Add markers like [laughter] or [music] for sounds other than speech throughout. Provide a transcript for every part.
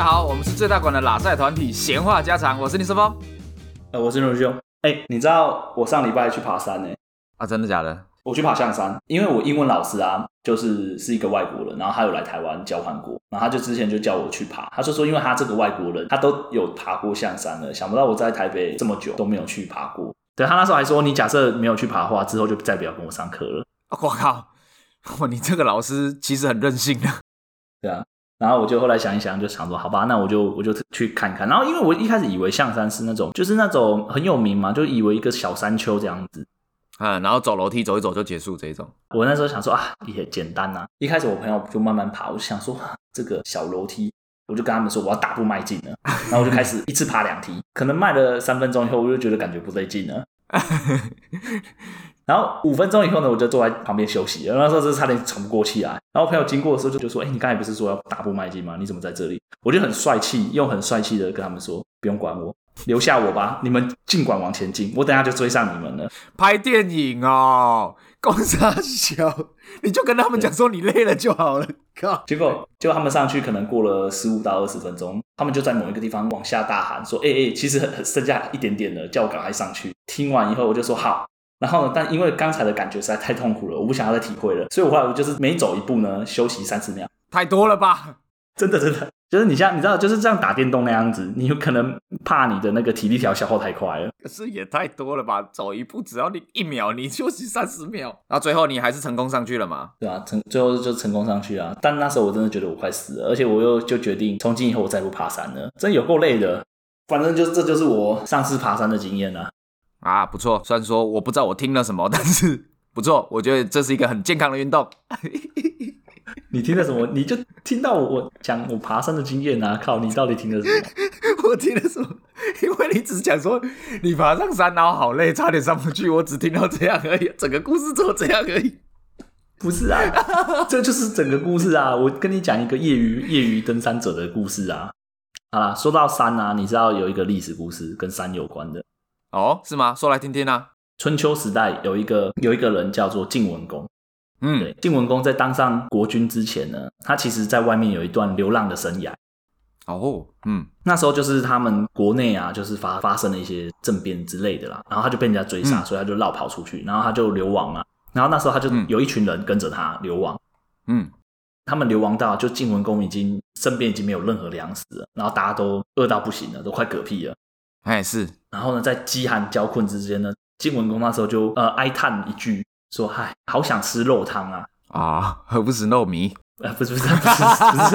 大家好，我們是最大館的喇賽團體閒話家常，我是李世峰，呃，我是儒兄。哎、欸，你知道我上禮拜去爬山呢、欸？啊，真的假的？我去爬象山，因為我英文老師啊，就是是一個外國人，然後他有來台灣交換過，然後他就之前就叫我去爬，他就說，因為他這個外國人，他都有爬過象山了，想不到我在台北這麼久都沒有去爬過。對，他那時候還說，你假設沒有去爬的話，之後就再不要跟我上課了。我、哦、靠哇，你這個老師其實很任性的。對啊。然後我就後來想一想，就想說好吧，那我就我就去看看。然後因為我一開始以為象山是那種，就是那種很有名嘛，就以為一個小山丘這樣子，啊、嗯，然後走樓梯走一走就結束這一種。我那時候想說啊，也簡單啊，一開始我朋友就慢慢爬，我就想說這個小樓梯，我就跟他們說我要大步邁進了。 [laughs] 然後我就開始一次爬兩梯，可能邁了三分鐘以後，我就覺得感覺不對勁了。 [laughs] 然後五分鐘以後呢，我就坐在旁邊休息。那時候真差點喘不過氣來。然後朋友經過的時候，就就說：“哎、欸，你剛才不是說要大步邁進嗎？你怎麼在這裡？”我就很帥氣，又很帥氣的跟他們說：“不用管我，留下我吧，你們儘管往前進，我等下就追上你們了。”拍電影哦，講啥小，你就跟他們講說你累了就好了。靠，結果就他們上去，可能過了十五到二十分鐘，他們就在某一個地方往下大喊說：“哎、欸、哎、欸，其實剩下一點點了，叫我趕快上去。”聽完以後，我就說：“好。”然後呢，但因為剛才的感覺實在太痛苦了，我不想要再體會了，所以我後來就是每走一步呢，休息三十秒。太多了吧？真的真的，就是你像你知道，就是這樣打電動那樣子，你有可能怕你的那個體力條消耗太快了。可是也太多了吧？走一步只要你一秒，你休息三十秒，那最後你還是成功上去了嗎？對啊，成，最後就成功上去了。但那時候我真的覺得我快死了，而且我又就決定從今以後我再不爬山了。真有夠累的，反正就這就是我上次爬山的經驗了啊。啊，不錯。雖然說我不知道我聽了什麼，但是不錯，我覺得這是一個很健康的運動。你聽了什麼？你就聽到我我講我爬山的經驗啊！靠，你到底聽了什麼？ [laughs] 我聽了什麼？因為你只講說你爬上山然後好累，差點上不去，我只聽到這樣而已。整個故事做，這樣而已。不是啊， [laughs] 這就是整個故事啊！我跟你講一個業餘業餘登山者的故事啊。好啦，說到山啊，你知道有一個歷史故事跟山有關的？哦，是嗎？說來聽聽啊。春秋時代有一個有一個人叫做晉文公，嗯，對，晉文公在當上國君之前呢，他其實在外面有一段流浪的生涯。哦，嗯，那時候就是他們國內啊，就是發發生了一些政變之類的啦，然後他就被人家追殺，嗯、所以他就落跑出去，然後他就流亡啊，然後那時候他就有一群人跟着他流亡，嗯，嗯他們流亡到就晉文公已經身邊已經沒有任何糧食了，然後大家都餓到不行了，都快嗝屁了。哎，是，然後呢，在飢寒交困之間呢，晉文公那時候就呃哀嘆一句說：“嗨，好想吃肉湯啊！”啊、哦，喝不死肉米啊、呃，不是不是不是，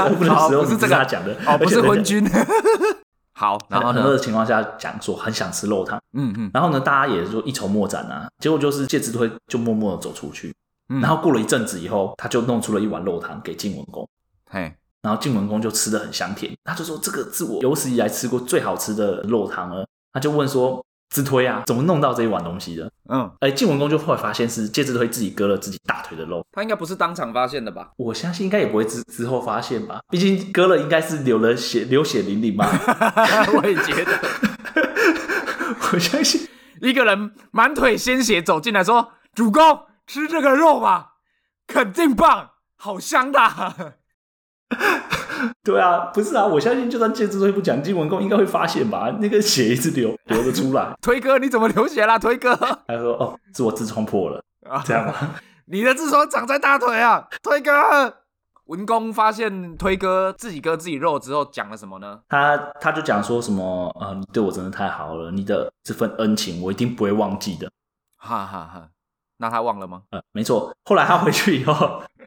我不，不， [laughs] 不是這個不是他講的，哦，不是昏君。哦、不是君 [laughs] 好，然後很多的情況下講說很想吃肉湯，嗯，嗯，然後呢，大家也說一籌莫展啊，結果就是介子推就默默的走出去、嗯，然後過了一陣子以後，他就弄出了一碗肉湯給晉文公，嘿。然後晉文公就吃得很香甜，他就說：“這個是我有史以來吃過最好吃的肉湯了。”他就問說：“之推啊，怎麼弄到這一碗東西的？”嗯，哎、欸，晉文公就後來發現是介之推自己割了自己大腿的肉，他應該不是當場發現的吧？我相信應該也不會之之後發現吧，畢竟割了應該是流了血，流血淋漓嘛。 [laughs] 我也覺得， [laughs] 我相信一個人滿腿鮮血走進來說：“主公，吃這個肉吧，肯定棒，好香的，啊。” [laughs] 對啊，不是啊，我相信就算介之推都不講，晉文公應該會發現吧？那個血一直流，流得出來。 [laughs] 推哥，你怎麼流血了？推哥，他說：“哦，是我痔瘡破了啊， [laughs] 這樣嗎？” [laughs] 你的痔瘡長在大腿啊，推哥。文公發現推哥自己割自己肉之後，講了什麼呢？他他就講說什麼？嗯，你對我真的太好了，你的這份恩情我一定不會忘記的。哈哈哈。那他忘了嗎？呃、嗯，沒錯。後來他回去以後，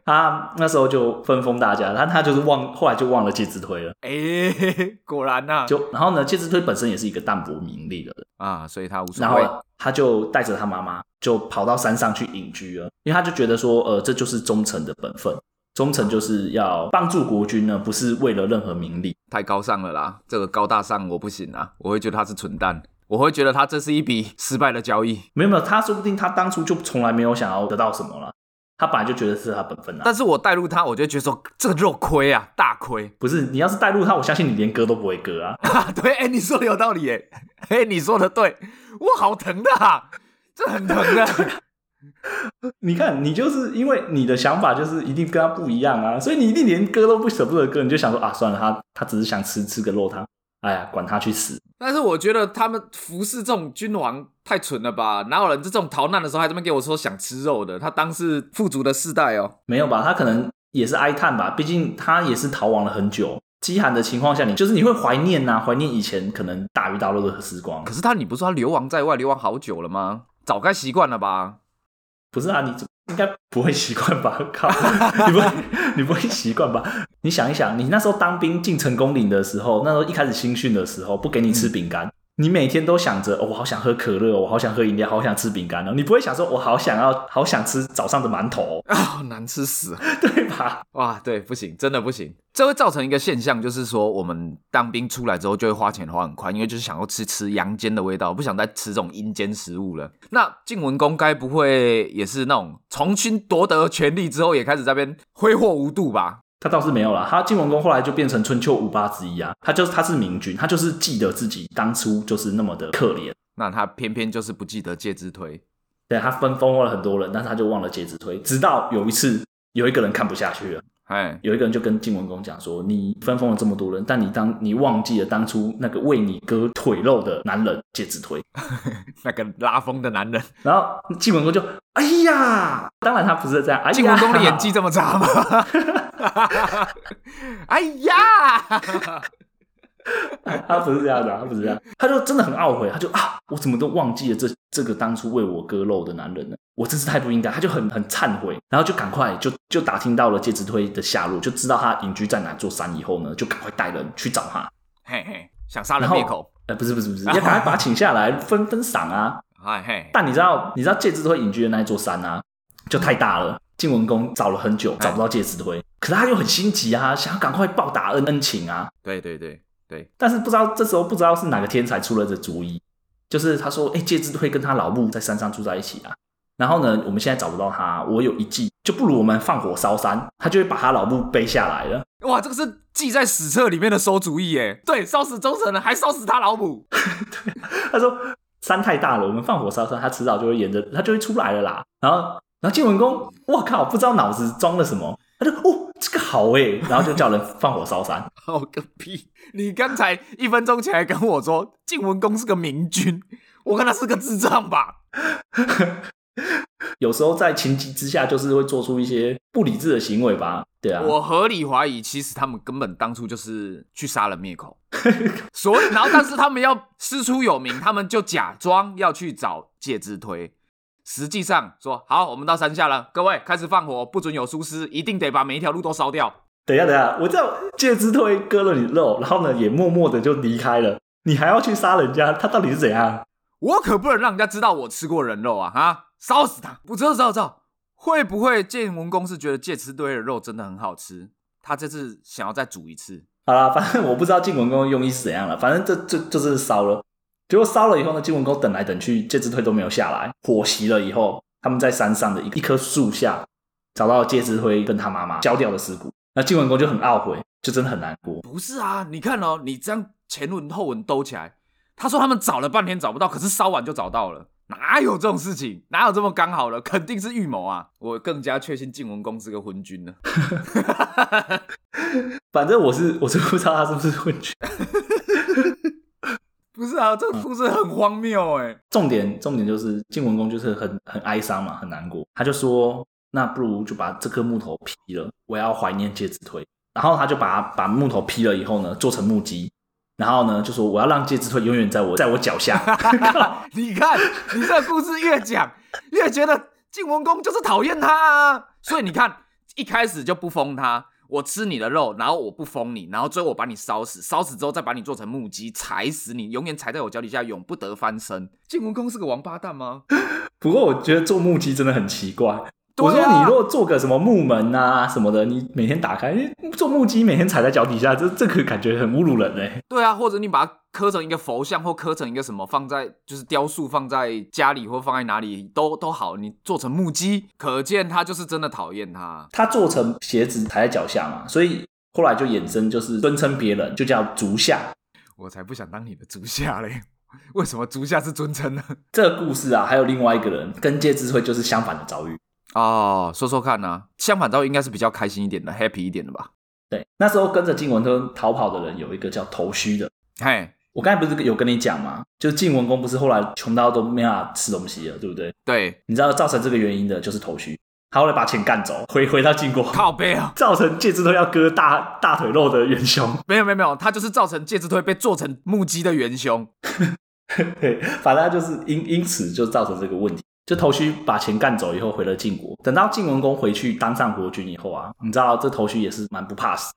他那時候就分封大家，他他就是忘，後來就忘了介之推了。哎、欸，果然吶、啊。就然後呢，介之推本身也是一個淡泊名利的人啊，所以他無所謂，然後他就帶着他媽媽就跑到山上去隱居了，因為他就覺得說，呃，這就是忠誠的本分，忠誠就是要幫助國君呢，不是為了任何名利，太高尚了啦，這個高大上我不行啊，我會覺得他是蠢蛋。我會覺得他這是一筆失敗的交易。沒有沒有，他說不定他當初就從來沒有想要得到什麼了。他本來就覺得是他的本分了、啊、但是我帶入他，我就覺得說這個、肉虧啊，大虧。不是，你要是帶入他，我相信你連割都不會割啊，啊。對，哎、欸，你說的有道理，哎、欸，你說的對，我好疼的、啊，這很疼的。 [laughs] 你看，你就是因為你的想法就是一定跟他不一樣啊，所以你一定連割都不捨不得割，你就想說啊，算了，他他只是想吃吃個肉湯。哎呀，管他去死！但是我覺得他們服侍這種君王太蠢了吧？哪有人在這種逃難的時候還這麼給我說想吃肉的？他當是富足的世代哦？沒有吧？他可能也是哀嘆吧？畢竟他也是逃亡了很久，飢寒的情況下，你就是你會懷念吶、啊，懷念以前可能大魚大肉的時光。可是他，你不是說他流亡在外，流亡好久了嗎？早該習慣了吧？不是啊，你怎麼？應該不會習慣吧？靠， [laughs] 你不會，你不會習慣吧？你想一想，你那時候當兵進成功嶺的時候，那時候一開始新訓的時候，不給你吃餅乾。嗯你每天都想着、哦，我好想喝可樂，我好想喝飲料，我好想吃餅乾哦。你不會想說，我好想要，好想吃早上的饅頭。哦，難吃死， [laughs] 對吧？哇，對，不行，真的不行。這會造成一個現象，就是說我們當兵出來之後，就會花錢花很快，因為就是想要吃吃陽間的味道，不想再吃這種陰間食物了。那晉文公該不會也是那種重新奪得權力之後，也開始在這邊揮霍無度吧？他倒是沒有了。他晉文公後來就變成春秋五霸之一啊。他就是他是明君，他就是記得自己當初就是那麼的可憐。那他偏偏就是不記得介之推。對，他分封了很多人，但是他就忘了介之推。直到有一次，有一個人看不下去了，哎，有一個人就跟晉文公講說：“你分封了這麼多人，但你當你忘記了當初那個為你割腿肉的男人介之推， [laughs] 那個拉風的男人。”然後晉文公就：“哎呀，當然他不是這樣。哎”晉文公的演技這麼差嗎？ [laughs] 哎呀，他不是這樣的，他不是這樣，他就真的很懊悔，他就啊，我怎麼都忘記了這這個當初為我割肉的男人呢？我真是太不應該，他就很很懺悔，然後就趕快就就打聽到了介之推的下落，就知道他隱居在哪座山，以後呢，就趕快帶人去找他，嘿嘿，想殺人滅口、呃，不是不是不是，要、oh, yeah, 趕快把他請下來分分賞啊，嗨嗨，但你知道你知道介之推隱居的那一座山啊，就太大了，晉文公找了很久、hey. 找不到介之推。可是他又很心急啊，想要趕快報答恩恩情啊。對對對對，但是不知道這時候不知道是哪個天才出了這主意，就是他說：“哎，介之推會跟他老母在山上住在一起啊。然後呢，我們現在找不到他，啊，我有一計，就不如我們放火燒山，他就會把他老母背下來了。”哇，這個是記在史冊裡面的餿主意耶！對，燒死忠臣了，還燒死他老母。 [laughs] 對，他說：“山太大了，我們放火燒山，他遲早就會沿着他就會出來了啦。”然後，然後晉文公，我靠，不知道腦子裝了什麼，他就哦。這個好誒、欸、然後就叫人放火燒山， [laughs] 好個屁！你剛才一分鐘前還跟我說晉文公是個明君，我看他是個智障吧？ [laughs] 有時候在情急之下，就是會做出一些不理智的行為吧？對啊，我合理懷疑，其實他們根本當初就是去殺人滅口， [laughs] 所以然後但是他們要師出有名，他們就假裝要去找介之推。實際上說好，我們到山下了，各位開始放火，不准有疏失，一定得把每一條路都燒掉。等下，等下，我在介之推割了你肉，然後呢，也默默的就離開了。你還要去殺人家，他到底是怎樣？我可不能讓人家知道我吃過人肉啊！哈，燒死他！我知道，知道，知道。會不會晉文公是覺得介之推的肉真的很好吃，他這次想要再煮一次？好啦，反正我不知道晉文公用意是怎樣了，反正這這就,就是燒了。結果燒了以後呢，晉文公等來等去，介之推都沒有下來。火熄了以後，他們在山上的一一棵樹下找到了介之推跟他媽媽焦掉的屍骨。那晉文公就很懊悔，就真的很難過。不是啊，你看哦，你這樣前文後文兜起來，他說他們找了半天找不到，可是燒完就找到了，哪有這種事情？哪有這麼剛好了？肯定是預謀啊！我更加確信晉文公是個昏君呢。 [laughs] 反正我是，我是不知道他是不是昏君。 [laughs] 不是啊，這個故事很荒謬哎、欸嗯。重點重點就是晉文公就是很很哀傷嘛，很難過，他就說那不如就把這顆木頭劈了，我要懷念介子推。然後他就把把木頭劈了以後呢，做成木屐，然後呢就說我要讓介子推永遠在我在我腳下。 [laughs] [laughs] [laughs] 你看，你這故事越講 [laughs] 越覺得晉文公就是討厭他、啊，所以你看一開始就不封他。我吃你的肉，然後我不封你，然後最後我把你燒死，燒死之後再把你做成木屐，踩死你，永遠踩在我腳底下，永不得翻身。晉文公是個王八蛋嗎？ [laughs] 不過我覺得做木屐真的很奇怪。 [laughs] 我說，你如果做個什麼木門吶、啊、什麼的，你每天打開，做木屐每天踩在腳底下，這這可感覺很侮辱人嘞、欸。對啊，或者你把它刻成一個佛像或刻成一個什麼放在就是雕塑放在家裡或放在哪裡都都好，你做成木屐，可見他就是真的討厭他。他做成鞋子踩在腳下嘛，所以後來就衍生就是尊稱別人就叫足下。我才不想當你的足下嘞！為什麼足下是尊稱呢？這個故事啊，還有另外一個人跟介之推就是相反的遭遇。哦，說說看啊，相反，倒應該是比較開心一點的，happy 一點的吧。對，那時候跟着晉文公逃跑的人有一個叫頭須的。嘿，我剛才不是有跟你講嗎？就晉文公不是後來窮到都沒法吃東西了，對不對？對，你知道造成這個原因的就是頭須，他後來把錢幹走，回回到晉國，靠北啊！造成介之推要割大大腿肉的元凶，沒有沒有沒有，他就是造成介之推被做成木屐的元凶。 [laughs] 對，反正就是因因此就造成這個問題。這頭須把錢幹走以後，回了晉國。等到晉文公回去當上國君以後啊，你知道這頭須也是蠻不怕死，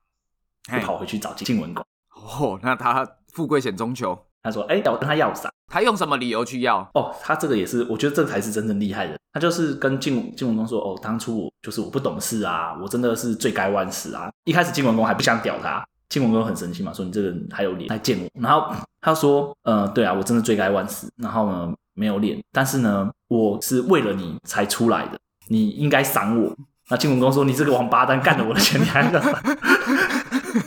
就跑回去找晉文公。哦，那他富貴險中求。他說：“哎、欸，我跟他要啥？他用什麼理由去要？哦，他這個也是，我覺得這個才是真正厲害的。他就是跟晉晉文公說：‘哦，當初我就是我不懂事啊，我真的是罪該萬死啊。’一開始晉文公還不想屌他，晉文公很生氣嘛，說：‘你這個人還有臉，來見我？’然後他說：‘嗯、呃，對啊，我真的罪該萬死。’然後呢？沒有臉，但是呢，我是為了你才出來的，你應該賞我。那晉文公說：“你這個王八蛋，幹了我的錢，你還敢賞？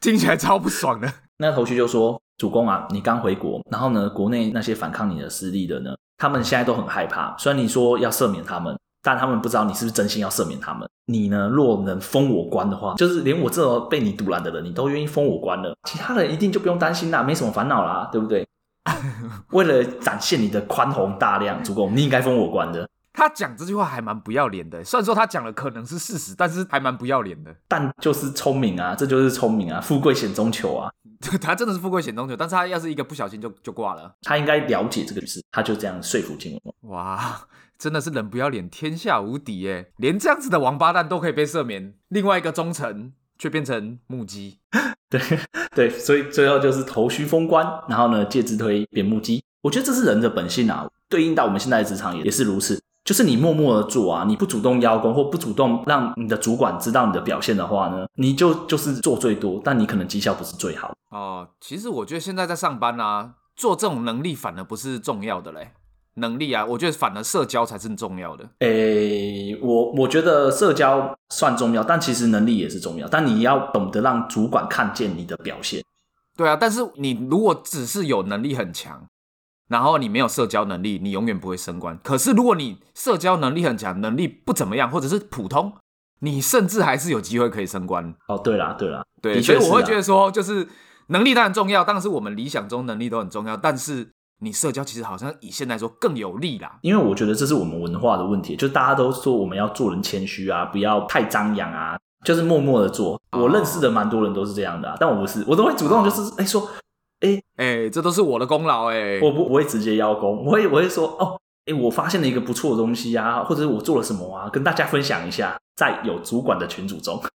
聽起來超不爽的。”那個頭須就說：“主公啊，你剛回國，然後呢，國內那些反抗你的勢力的呢，他們現在都很害怕。雖然你說要赦免他們，但他們不知道你是不是真心要赦免他們。你呢，若能封我官的話，就是連我這被你賭爛的人，你都願意封我官了，其他人一定就不用擔心啦，沒什麼煩惱啦，對不對？” [laughs] 為了展現你的寬宏大量，主公，你應該封我官的。他講這句話還蠻不要臉的，雖然說他講的可能是事實，但是還蠻不要臉的。但就是聰明啊，這就是聰明啊，富貴險中求啊。 [laughs] 他真的是富貴險中求，但是他要是一個不小心就就掛了。他應該了解這個事，他就這樣說服晉文公。哇，真的是人不要臉天下無敵耶，連這樣子的王八蛋都可以被赦免，另外一個忠臣卻變成木屐。 [laughs] 對對，所以最後就是頭須封官，然後呢，介之推變木屐。我覺得這是人的本性啊，對應到我們現在的職場也是如此。就是你默默的做啊，你不主動邀功，或不主動讓你的主管知道你的表現的話呢，你就就是做最多，但你可能績效不是最好。哦，呃，其實我覺得現在在上班啊，做這種能力反而不是重要的嘞。能力啊，我覺得反而社交才是很重要的。誒、欸，我我覺得社交算重要，但其實能力也是重要。但你要懂得讓主管看見你的表現。對啊，但是你如果只是有能力很強，然後你沒有社交能力，你永遠不會升官。可是如果你社交能力很強，能力不怎麼樣，或者是普通，你甚至還是有機會可以升官。哦，對啦，對啦，對。啊、所以我會覺得說，就是能力當然重要，但是我們理想中能力都很重要，但是。你社交其實好像以現在來說更有利啦，因為我覺得這是我們文化的問題，就是大家都說我們要做人謙虛啊，不要太張揚啊，就是默默的做、哦。我認識的蠻多人都是這樣的、啊，但我不是，我都會主動就是哎、哦欸、說，哎、欸、哎、欸，這都是我的功勞哎、欸，我不我會直接邀功，我會我會說哦，哎、欸，我發現了一個不錯的東西啊，或者是我做了什麼啊，跟大家分享一下，在有主管的群組中。 [laughs]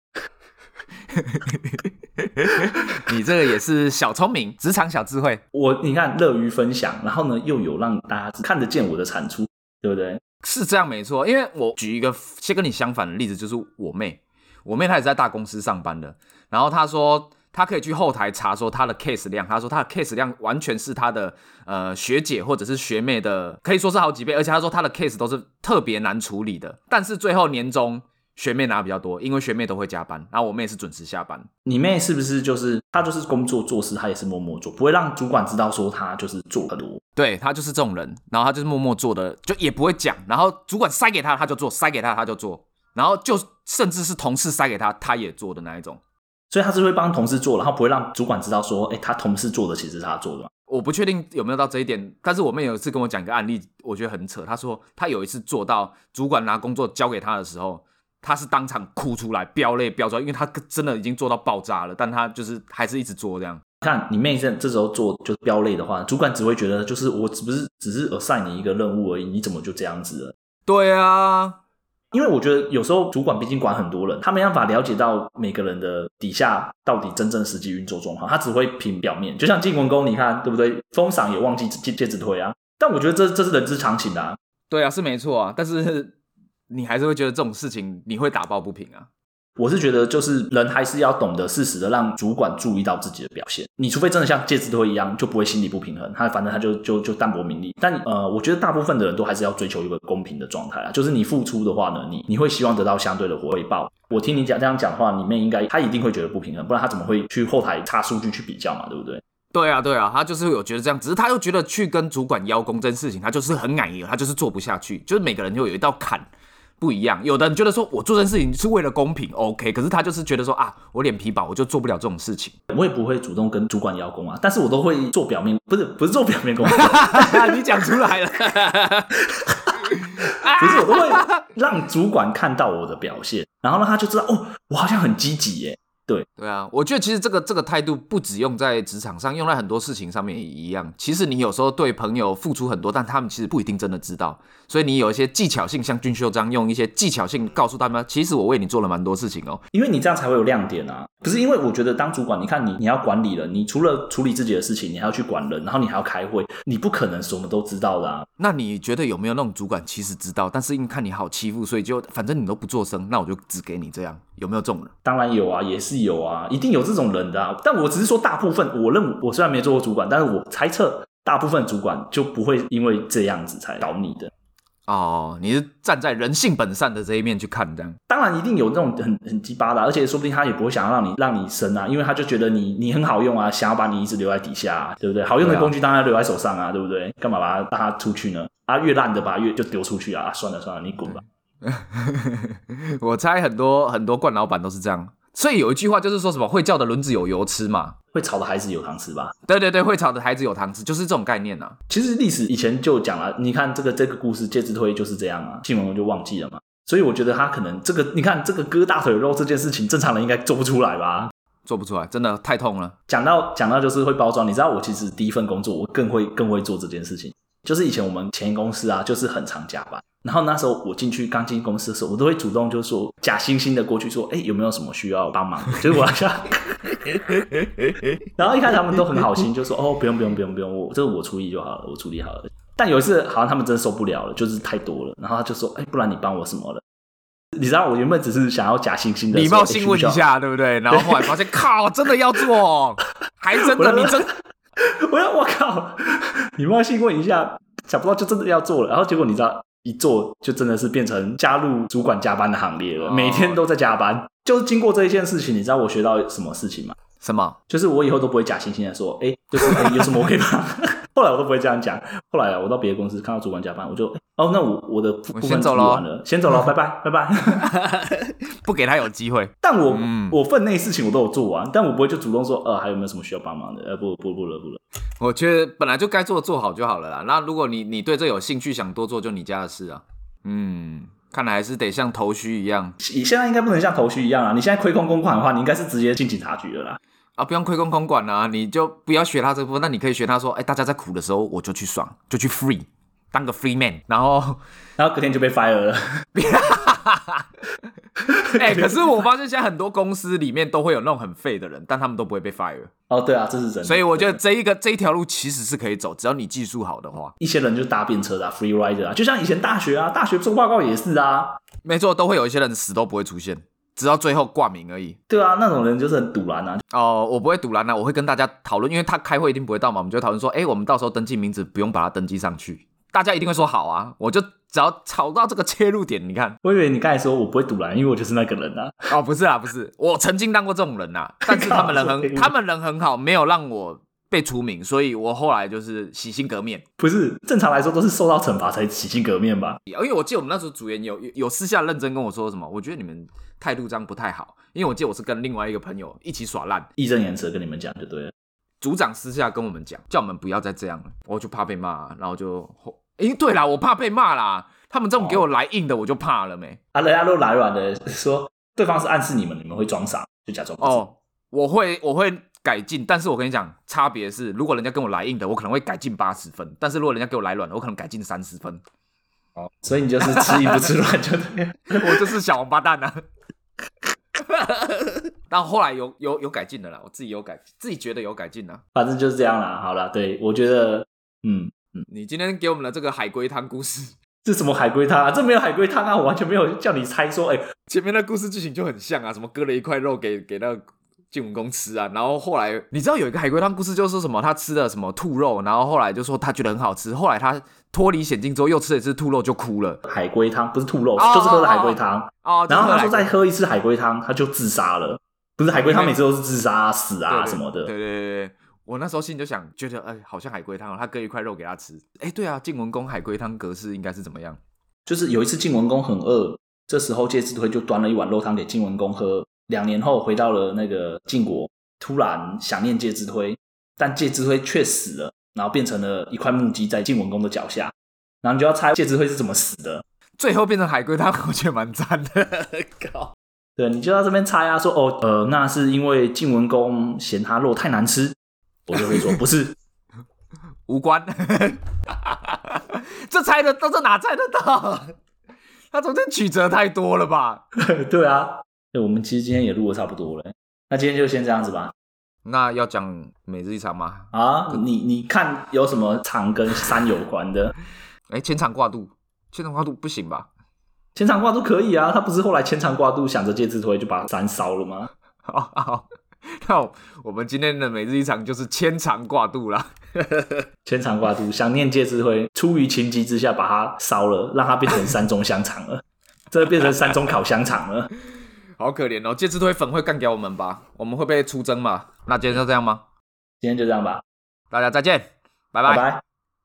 [laughs] [laughs] 你這個也是小聰明，職場小智慧。我你看，樂於分享，然後呢又有讓大家看得見我的產出，對不對？是這樣，沒錯。因為我舉一個先跟你相反的例子，就是我妹，我妹她也在大公司上班的。然後她說，她可以去後台查說她的 case 量，她說她的 case 量完全是她的呃學姐或者是學妹的，可以說是好幾倍。而且她說她的 case 都是特別難處理的，但是最後年終。學妹拿比較多，因為學妹都會加班，然後我妹也是準時下班。你妹是不是就是她？就是工作做事，她也是默默做，不會讓主管知道說她就是做的多。對，她就是這種人，然後她就是默默做的，就也不會講。然後主管塞給她，她就做；塞給她，她就做。然後就甚至是同事塞給她，她也做的那一種。所以她是會幫同事做，然後不會讓主管知道說，哎、欸，她同事做的其實是她做的。我不確定有沒有到這一點，但是我妹有一次跟我講一個案例，我覺得很扯。她說她有一次做到主管拿工作交給她的時候。他是當場哭出來，飆淚飆出來，因為他真的已經做到爆炸了，但他就是還是一直做這樣。看，你妹、妹，這這時候做就是飆淚的話，主管只會覺得就是我只不是只是呃塞你一個任務而已，你怎麼就這樣子了？對啊，因為我覺得有時候主管畢竟管很多人，他沒辦法了解到每個人的底下到底真正實際運作狀況，他只會憑表面。就像晉文公，你看對不對？封賞也忘記介介之推啊。但我覺得這這是人之常情的啊。對啊，是沒錯啊，但是。你還是會覺得這種事情你會打抱不平啊？我是覺得就是人還是要懂得適時的讓主管注意到自己的表現。你除非真的像介之推一樣，就不會心理不平衡。他反正他就就就淡泊名利。但呃，我覺得大部分的人都還是要追求一個公平的狀態啊。就是你付出的話呢，你你會希望得到相對的回報。我聽你講這樣講話，你們應該他一定會覺得不平衡，不然他怎麼會去後台查數據去比較嘛？對不對？對啊，對啊，他就是有覺得這樣，只是他又覺得去跟主管邀功這件事情，他就是很難意，他就是做不下去。就是每個人就有一道坎。不一樣，有的人覺得說我做這件事情是為了公平，OK，可是他就是覺得說啊，我臉皮薄，我就做不了這種事情，我也不會主動跟主管邀功啊，但是我都會做表面，不是不是做表面功夫，你講出來了，不是，我都會讓主管看到我的表現，然後讓他就知道哦，我好像很積極耶。對啊，我覺得其實這個這個態度不止用在職場上，用在很多事情上面也一樣。其實你有時候對朋友付出很多，但他們其實不一定真的知道。所以你有一些技巧性，像俊秀章用一些技巧性，告訴他們，其實我為你做了蠻多事情哦。因為你這樣才會有亮點啊。不是因為我覺得當主管，你看你你要管理了，你除了處理自己的事情，你還要去管人，然後你還要開會，你不可能什麼都知道的、啊。那你覺得有沒有那種主管，其實知道，但是因為看你好欺負，所以就反正你都不做聲，那我就只給你這樣。有沒有這種人？當然有啊，也是有啊，一定有這種人的啊。但我只是說大部分，我認為我雖然沒做過主管，但是我猜測大部分主管就不會因為這樣子才倒你的。哦，你是站在人性本善的這一面去看這，這樣？當然一定有這種很很雞巴的、啊，而且說不定他也不會想要讓你讓你升啊，因為他就覺得你你很好用啊，想要把你一直留在底下，啊，對不對？好用的工具當然留在手上啊，對，啊對不對？幹嘛把他把他出去呢？啊，越爛的把他越就丟出去啊，啊算了算了，算了，你滾吧。 [laughs] 我猜很多很多慣老闆都是這樣，所以有一句話就是說什麼會叫的輪子有油吃嘛，會吵的孩子有糖吃吧。對對對，會吵的孩子有糖吃，就是這種概念啊。其實歷史以前就講了，你看這個這個故事《介之推》就是這樣啊，晉文公就忘記了嘛。所以我覺得他可能這個，你看這個割大腿肉這件事情，正常人應該做不出來吧？做不出來，真的太痛了。講到講到就是會包裝，你知道我其實第一份工作我更會更會做這件事情，就是以前我們前一公司啊，就是很常加班。然後那時候我進去剛進公司的時候，我都會主動就說假惺惺的過去說，哎、欸，有沒有什麼需要我幫忙的？結果好像， [laughs] [laughs] 然後一開始他們都很好心，就說 [laughs] 哦，不用不用不用不用，不用不用不用我這個我處理就好了，我處理好了。但有一次好像他們真的受不了了，就是太多了，然後他就說，哎、欸，不然你幫我什麼了？你知道我原本只是想要假惺惺的禮貌性問一下，對不對？然後後來發現 [laughs] 靠，真的要做，還真的，的你真的，我說我靠，禮貌性問一下，想不到就真的要做了。然後結果你知道。一做就真的是變成加入主管加班的行列了，每天都在加班。哦、就是經過這一件事情，你知道我學到什麼事情嗎？什麼？就是我以後都不會假惺惺的說，哎、 [laughs] 欸，就是、欸、有什麼 OK 嗎？ [laughs] 後來我都不會這樣講。後來啊，我到別的公司看到主管加班，我就哦，那我我的部分走副主管了，先走了， [laughs] 拜拜拜拜， [laughs] 不給他有機會。但我、嗯、我分內事情我都有做完，但我不會就主動說呃、啊，還有沒有什麼需要幫忙的？呃、啊，不不不了不了。我覺得本來就該做做好就好了。啦。那如果你你對這有興趣，想多做，就你家的事啊。嗯，看來還是得像頭須一樣，一樣。你現在應該不能像頭須一樣啊！你現在虧空公款的話，你應該是直接進警察局的啦。啊，不用虧空公款啊，你就不要學他這部分。那你可以學他說，哎、欸，大家在苦的時候，我就去爽，就去 free，當個 free man。然後，然後隔天就被 fire 了。哎、 [laughs] 欸， [laughs] 可是我發現現在很多公司裡面都會有那種很廢的人，但他們都不會被 fire。哦，對啊，這是真的。所以我覺得這一個這一條路其實是可以走，只要你技術好的話，一些人就是搭便車的、啊、free rider、啊。就像以前大學啊，大學做報告也是啊，沒錯，都會有一些人死都不會出現。直到最後掛名而已。對啊，那種人就是很賭爛啊。哦，我不會賭爛啊，我會跟大家討論，因為他開會一定不會到嘛，我們就討論說，哎、欸，我們到時候登記名字不用把他登記上去，大家一定會說好啊。我就只要吵到這個切入點，你看。我以為你剛才說我不會賭爛，因為我就是那個人啊。哦，不是啊，不是，我曾經當過這種人吶、啊，但是他們人很， [laughs] 他們人很好，沒有讓我。被除名，所以我後來就是洗心革面。不是正常來說都是受到懲罰才洗心革面吧？因為我記得我們那時候組員有有私下認真跟我說什麼，我覺得你們態度這樣不太好。因為我記得我是跟另外一個朋友一起耍爛，義正言辭跟你們講就對了。組長私下跟我們講，叫我們不要再這樣了。我就怕被罵，然後就哎，對了，我怕被罵啦。他們這種給我來硬的，我就怕了沒？哦、啊，人家都來軟的，說對方是暗示你們，你們會裝傻，就假裝哦，我會，我會。改進，但是我跟你講，差別是，如果人家跟我來硬的，我可能會改進八十分；但是如果人家給我來軟的，我可能改進三十分。好，所以你就是吃硬不吃軟，就對了 [laughs] 我就是小王八蛋啊。但 [laughs] 後，後來有有有改進的了，我自己有改，自己覺得有改進呢。反正就是這樣了。好了，對，我覺得，嗯嗯，你今天給我們的這個海龜湯故事。這什麼海龜湯啊？這沒有海龜湯啊，我完全沒有叫你猜說，欸，前面的故事劇情就很像啊，什麼割了一塊肉給給那個。晉文公吃啊，然後後來你知道有一個海龜湯故事，就是說什麼他吃了什麼兔肉，然後後來就說他覺得很好吃，後來他脫離險境之後又吃了一次兔肉就哭了。海龜湯不是兔肉，哦、就是喝的海龜湯哦。哦，然後他說再喝一次海龜湯他就自殺了，不是海龜湯每次都是自殺啊死啊對對什麼的。對，對對對對，我那時候心裡就想，覺得哎好像海龜湯，他割一塊肉給他吃。哎，對啊，晉文公海龜湯格式應該是怎麼樣？就是有一次晉文公很餓，這時候介子推就端了一碗肉湯給晉文公喝。兩年後回到了那個晉國，突然想念介之推，但介之推卻死了，然後變成了一塊木屐在晉文公的腳下，然後你就要猜介之推是怎麼死的，最後變成海龜湯，他我覺得蠻讚的。靠 [laughs] 對，你就在這邊猜啊，說哦，呃，那是因為晉文公嫌他肉太難吃， [laughs] 我就會說不是，無關。 [laughs] 這猜得到，這哪猜得到？他中間曲折太多了吧？ [laughs] 對啊。對我們其實今天也錄的差不多了，那今天就先這樣子吧。那要講每日一腸嗎？啊，你你看有什麼腸跟山有關的？哎、欸，牽腸掛肚，牽腸掛肚不行吧？牽腸掛肚可以啊，他不是後來牽腸掛肚想着介之推，就把山燒了嗎？好，好好那我，我們今天的每日一腸就是牽腸掛肚啦！牽腸掛肚，想念介之推，出於情急之下把它燒了，讓它變成山中香腸了， [laughs] 這個變成山中烤香腸了。好可憐哦！介之推粉會幹掉我們吧？我們會不會出征嘛？那今天就這樣嗎？今天就這樣吧，嗯、大家再見，拜拜。拜拜